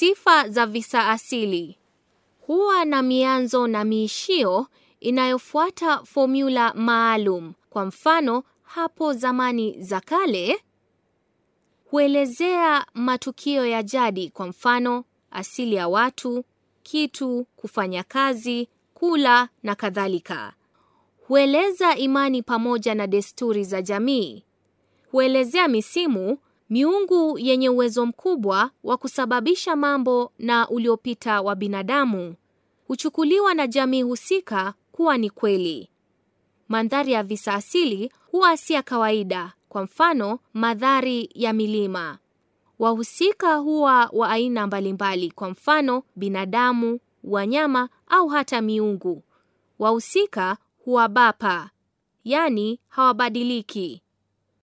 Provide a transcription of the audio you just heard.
Sifa za visa asili huwa na mianzo na miishio inayofuata fomula maalum. Kwa mfano, hapo zamani za kale huelezea matukio ya jadi, kwa mfano, asili ya watu, kitu, kufanya kazi, kula na kadhalika. Hueleza imani pamoja na desturi za jamii. Huelezea misimu miungu yenye uwezo mkubwa wa kusababisha mambo na uliopita wa binadamu huchukuliwa na jamii husika kuwa ni kweli. Mandhari ya visa asili huwa si ya kawaida, kwa mfano mandhari ya milima. Wahusika huwa wa aina mbalimbali, kwa mfano binadamu, wanyama au hata miungu. Wahusika huwa bapa, yaani hawabadiliki.